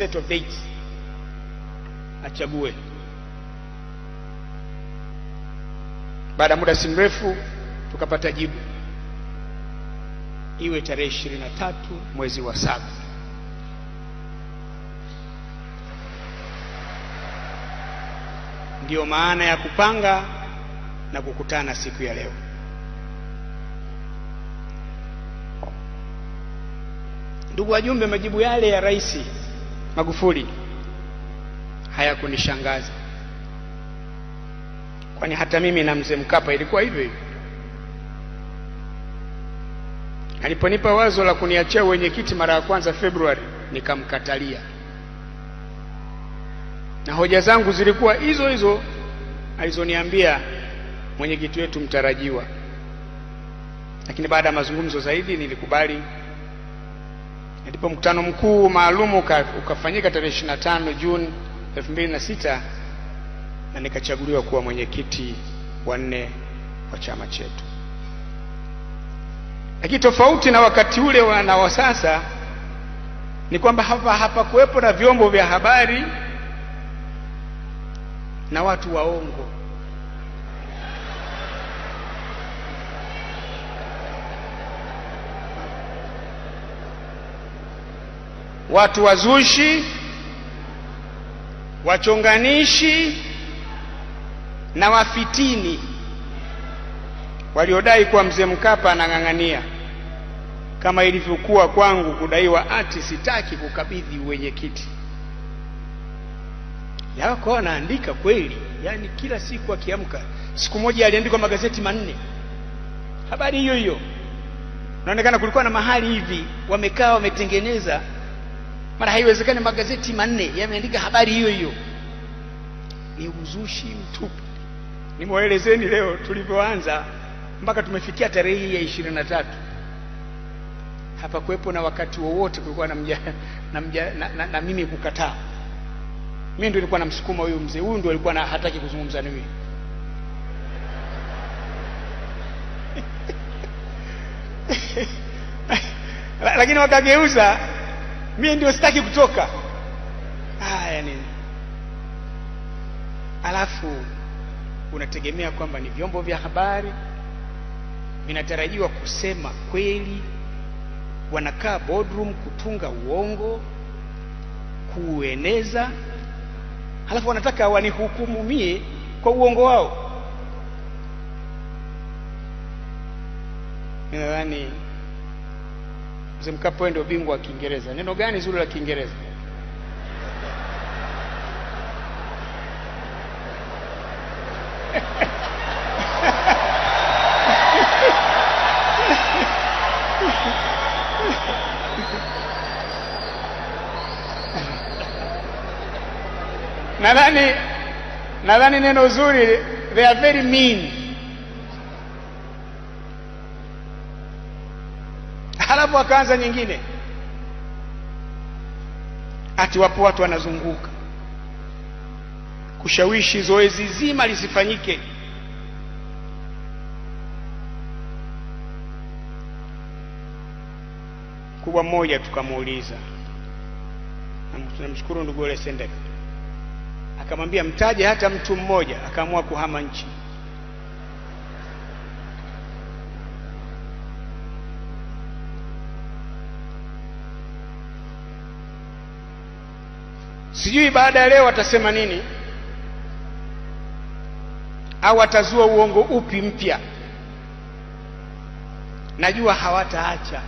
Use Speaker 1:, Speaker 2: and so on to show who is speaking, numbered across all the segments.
Speaker 1: set of dates achague. Baada ya muda si mrefu tukapata jibu, iwe tarehe ishirini na tatu mwezi wa saba. Ndiyo maana ya kupanga na kukutana siku ya leo. Ndugu wajumbe, majibu yale ya rais Magufuli hayakunishangaza, kwani hata mimi na mzee Mkapa ilikuwa hivyo hivyo. Aliponipa wazo la kuniachia wenyekiti mara ya kwanza Februari, nikamkatalia na hoja zangu zilikuwa hizo hizo alizoniambia mwenyekiti wetu mtarajiwa, lakini baada ya mazungumzo zaidi nilikubali ndipo mkutano mkuu maalum ukafanyika tarehe 25 Juni 2006 na nikachaguliwa kuwa mwenyekiti wa nne wa chama chetu. Lakini tofauti na wakati ule na wa sasa ni kwamba hapa hapakuwepo na vyombo vya habari na watu waongo. watu wazushi, wachonganishi na wafitini waliodai kuwa mzee Mkapa anang'ang'ania kama ilivyokuwa kwangu kudaiwa ati sitaki kukabidhi uwenyekiti. Yako wanaandika kweli, yani kila siku akiamka. Siku moja aliandikwa magazeti manne habari hiyo hiyo, inaonekana kulikuwa na mahali hivi wamekaa wametengeneza mara haiwezekani magazeti manne yameandika habari hiyo hiyo, ni uzushi mtupu. Nimewaelezeni leo tulivyoanza mpaka tumefikia tarehe hii ya ishirini na tatu hapakuwepo na wakati wowote kulikuwa na, mja, na, mja, na, na, na mimi kukataa. Mimi ndio nilikuwa namsukuma huyu mzee, huyu ndio alikuwa hataki kuzungumza na mimi lakini wakageuza mie ndio sitaki kutoka. Ah, yani alafu unategemea kwamba ni vyombo vya habari vinatarajiwa kusema kweli, wanakaa boardroom kutunga uongo, kuueneza, halafu wanataka wanihukumu mie kwa uongo wao. Nadhani Mzee Mkapa ndio bingwa wa Kiingereza. Neno gani zuri la Kiingereza? Nadhani nadhani neno zuri, they are very mean halafu akaanza nyingine, ati wapo watu wanazunguka kushawishi zoezi zima lisifanyike. Mkubwa mmoja tukamuuliza, tunamshukuru ndugu Ole Sendeka, akamwambia mtaje hata mtu mmoja, akaamua kuhama nchi. Sijui baada ya leo watasema nini au watazua uongo upi mpya. Najua hawataacha,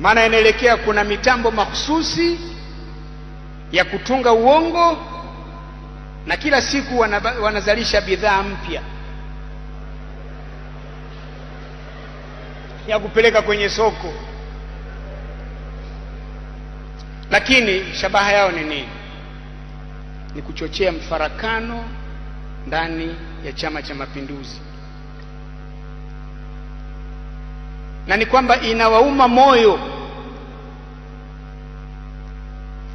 Speaker 1: maana inaelekea kuna mitambo mahususi ya kutunga uongo, na kila siku wanazalisha bidhaa mpya ya kupeleka kwenye soko. Lakini shabaha yao ni nini? Ni kuchochea mfarakano ndani ya Chama cha Mapinduzi, na ni kwamba inawauma moyo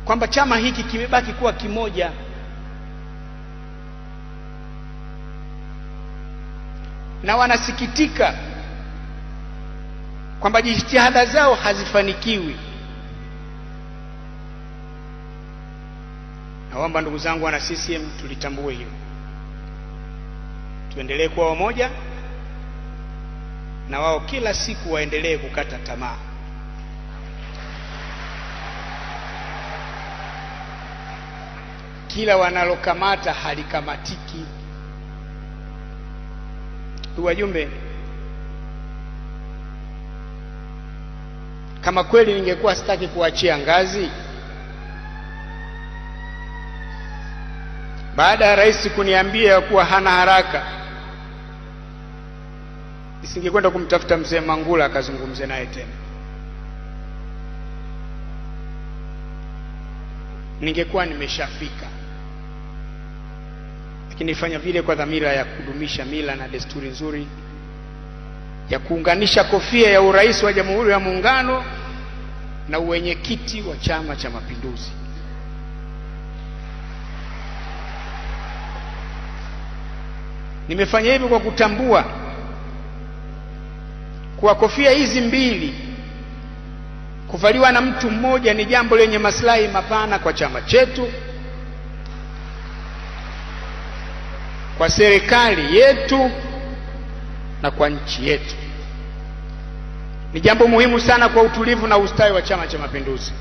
Speaker 1: kwamba chama hiki kimebaki kuwa kimoja. na wanasikitika kwamba jitihada zao hazifanikiwi. Naomba ndugu zangu wana CCM tulitambue hilo, tuendelee kuwa wamoja na wao, kila siku waendelee kukata tamaa. Kila wanalokamata halikamatiki. Ndugu wajumbe, kama kweli ningekuwa sitaki kuachia ngazi baada ya rais kuniambia kuwa hana haraka, nisingekwenda kumtafuta mzee Mangula akazungumze naye tena, ningekuwa nimeshafika. Lakini nilifanya vile kwa dhamira ya kudumisha mila na desturi nzuri ya kuunganisha kofia ya urais wa Jamhuri ya Muungano na uwenyekiti wa Chama cha Mapinduzi. Nimefanya hivyo kwa kutambua kwa kofia hizi mbili kuvaliwa na mtu mmoja ni jambo lenye maslahi mapana kwa chama chetu, kwa serikali yetu na kwa nchi yetu. Ni jambo muhimu sana kwa utulivu na ustawi wa Chama cha Mapinduzi.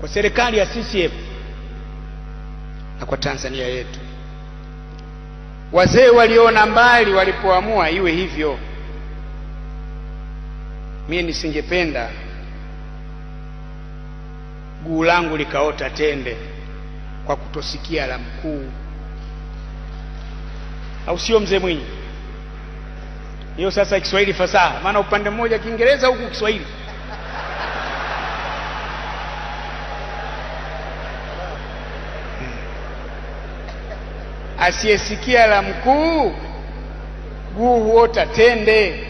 Speaker 1: Kwa serikali ya CCM na kwa Tanzania yetu. Wazee waliona mbali walipoamua iwe hivyo. Mimi nisingependa guu langu likaota tende kwa kutosikia la mkuu, au sio, mzee Mwinyi? Hiyo sasa Kiswahili fasaha, maana upande mmoja Kiingereza, huku Kiswahili. asiyesikia la mkuu guu huota tende.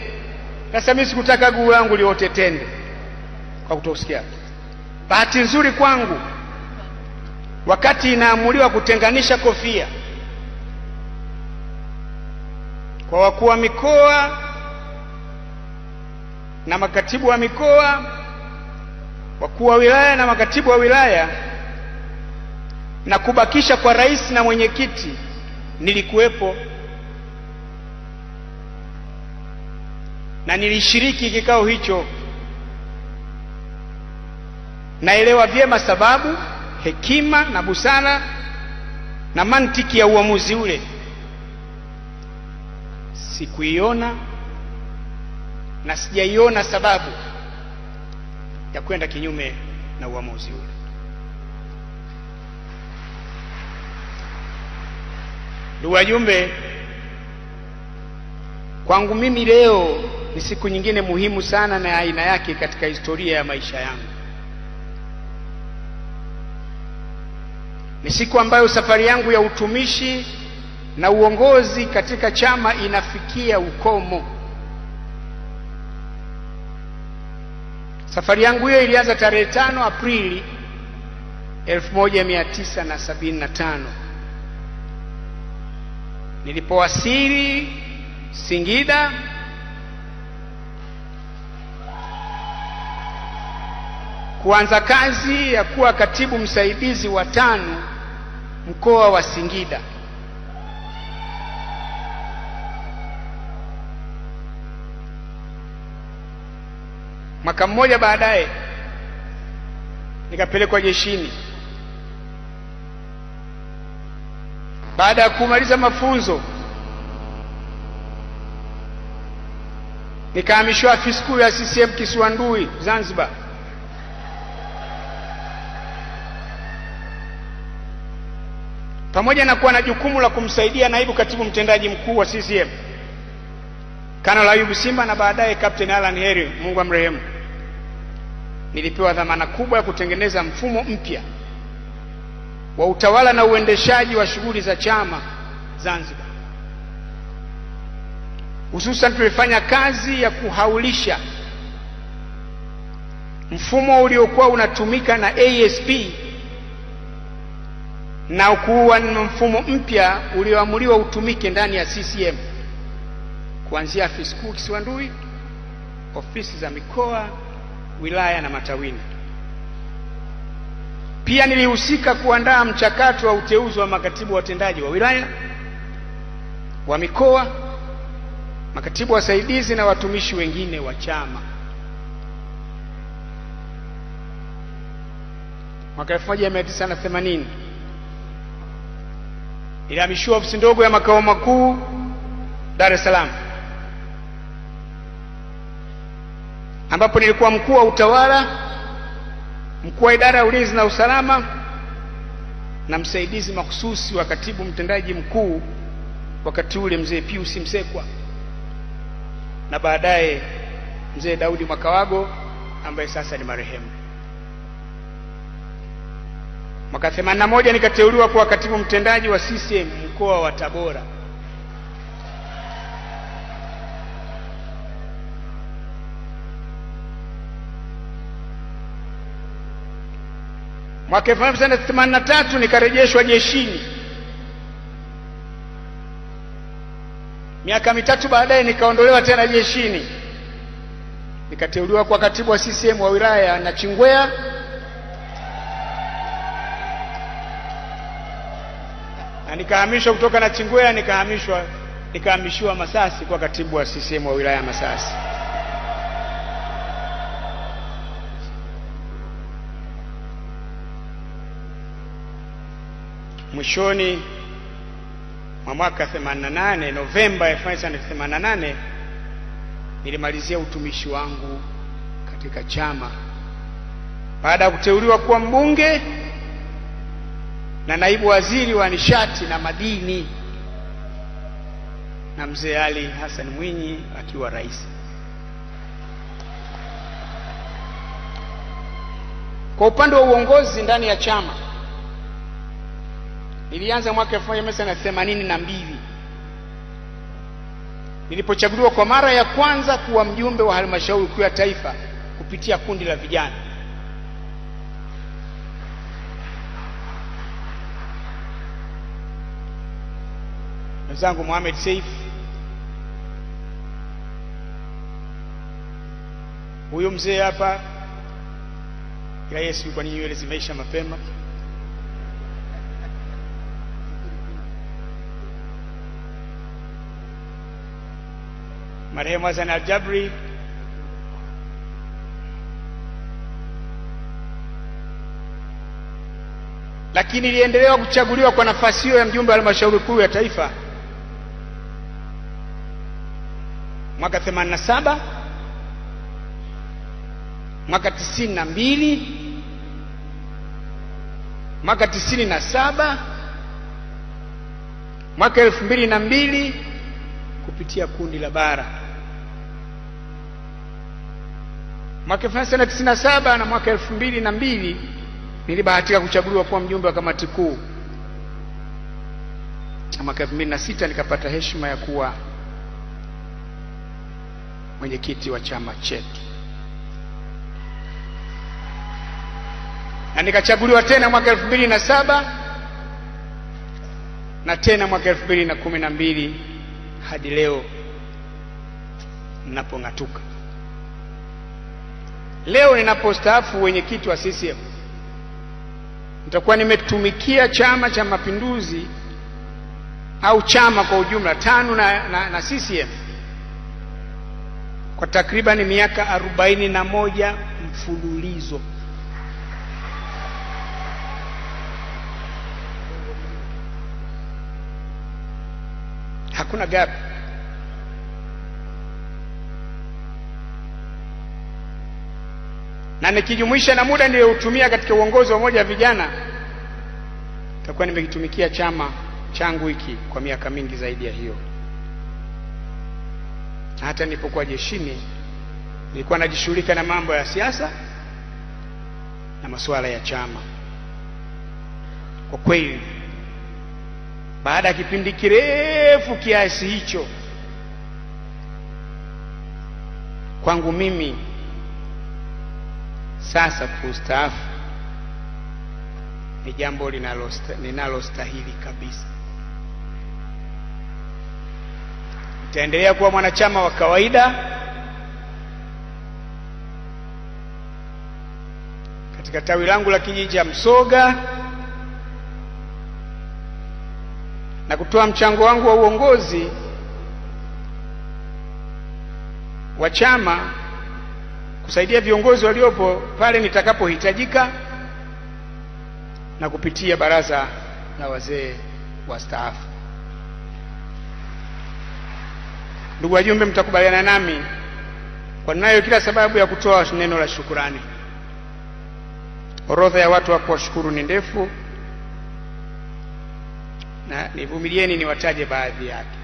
Speaker 1: Sasa mimi sikutaka guu langu liote tende kwa kutosikia. Bahati nzuri kwangu, wakati inaamuliwa kutenganisha kofia kwa wakuu wa mikoa na makatibu wa mikoa, wakuu wa wilaya na makatibu wa wilaya, na kubakisha kwa rais na mwenyekiti nilikuwepo na nilishiriki kikao hicho. Naelewa vyema sababu, hekima na busara na mantiki ya uamuzi ule. Sikuiona na sijaiona sababu ya kwenda kinyume na uamuzi ule. Ndugu wajumbe, kwangu mimi leo ni siku nyingine muhimu sana na aina yake katika historia ya maisha yangu. Ni siku ambayo safari yangu ya utumishi na uongozi katika chama inafikia ukomo. Safari yangu hiyo ilianza tarehe 5 Aprili 1975 Nilipowasili Singida kuanza kazi ya kuwa katibu msaidizi wa tano mkoa wa Singida, mwaka mmoja baadaye nikapelekwa jeshini. baada ya kumaliza mafunzo nikahamishwa afisi kuu ya CCM Kisiwandui Zanzibar. Pamoja na kuwa na jukumu la kumsaidia naibu katibu mtendaji mkuu wa CCM Kanali Ayubu Simba na baadaye Captain Alan Heri, Mungu amrehemu, nilipewa dhamana kubwa ya kutengeneza mfumo mpya wa utawala na uendeshaji wa shughuli za chama Zanzibar, hususan tulifanya kazi ya kuhaulisha mfumo uliokuwa unatumika na ASP na kuwa na mfumo mpya ulioamuliwa utumike ndani ya CCM kuanzia afisi kuu Kisiwandui, ofisi za mikoa, wilaya na matawini. Pia nilihusika kuandaa mchakato wa uteuzi wa makatibu watendaji wa wilaya, wa mikoa, makatibu wasaidizi na watumishi wengine wa chama. Mwaka 1980 ilihamishiwa ofisi ndogo ya makao makuu Dar es Salaam, ambapo nilikuwa mkuu wa utawala mkuu wa idara ya ulinzi na usalama na msaidizi mahususi wa katibu mtendaji mkuu wakati ule mzee Pius Msekwa na baadaye mzee Daudi Mwakawago ambaye sasa ni marehemu. Mwaka 81 nikateuliwa kuwa katibu mtendaji wa CCM mkoa wa Tabora. Mwaka 1983 nikarejeshwa jeshini. Miaka mitatu baadaye nikaondolewa tena jeshini, nikateuliwa kwa katibu wa CCM wa wilaya ya Nachingwea. Na nikahamishwa kutoka Nachingwea nikahamishwa nikahamishiwa Masasi kwa katibu wa CCM wa wilaya ya Masasi. mwishoni mwa mwaka 88 Novemba 1988 nilimalizia utumishi wangu katika chama baada ya kuteuliwa kuwa mbunge na naibu waziri wa nishati na madini na mzee Ali Hassan Mwinyi akiwa rais. Kwa upande wa uongozi ndani ya chama Nilianza mwaka 1982 nilipochaguliwa kwa mara ya kwanza kuwa mjumbe wa halmashauri kuu ya taifa kupitia kundi la vijana. Mwenzangu Mohamed Seif, huyu mzee hapa, ila Yesu, kwa nini nywele zimeisha mapema? marehemu Hassan Aljabri lakini iliendelewa kuchaguliwa kwa nafasi hiyo ya mjumbe wa halmashauri kuu ya taifa mwaka 87 mwaka 92 mwaka 97 mwaka 2002 kupitia kundi la bara Mwaka 1997 na mwaka elfu mbili na mbili nilibahatika kuchaguliwa kuwa mjumbe wa kamati kuu, na mwaka elfu mbili na sita nikapata heshima ya kuwa mwenyekiti wa chama chetu, na nikachaguliwa tena mwaka elfu mbili na saba na tena mwaka elfu mbili na kumi na mbili hadi leo napong'atuka. Leo ninapostaafu wenyekiti wa CCM nitakuwa nimetumikia Chama cha Mapinduzi au chama kwa ujumla tano na, na, na CCM kwa takriban miaka arobaini na moja mfululizo. Hakuna gapi na nikijumuisha na muda niliyotumia katika uongozi wa moja ya vijana, nitakuwa nimekitumikia chama changu hiki kwa miaka mingi zaidi ya hiyo. Na hata nilipokuwa jeshini nilikuwa najishughulika na mambo ya siasa na masuala ya chama. Kwa kweli, baada ya kipindi kirefu kiasi hicho, kwangu mimi sasa kustaafu ni jambo linalostahili kabisa. Nitaendelea kuwa mwanachama wa kawaida katika tawi langu la kijiji cha Msoga na kutoa mchango wangu wa uongozi wa chama kusaidia viongozi waliopo pale nitakapohitajika na kupitia baraza la wazee wastaafu. Ndugu wajumbe, mtakubaliana nami kwa ninayo kila sababu ya kutoa neno la shukurani. Orodha ya watu wa kuwashukuru ni ndefu, na nivumilieni niwataje baadhi yake.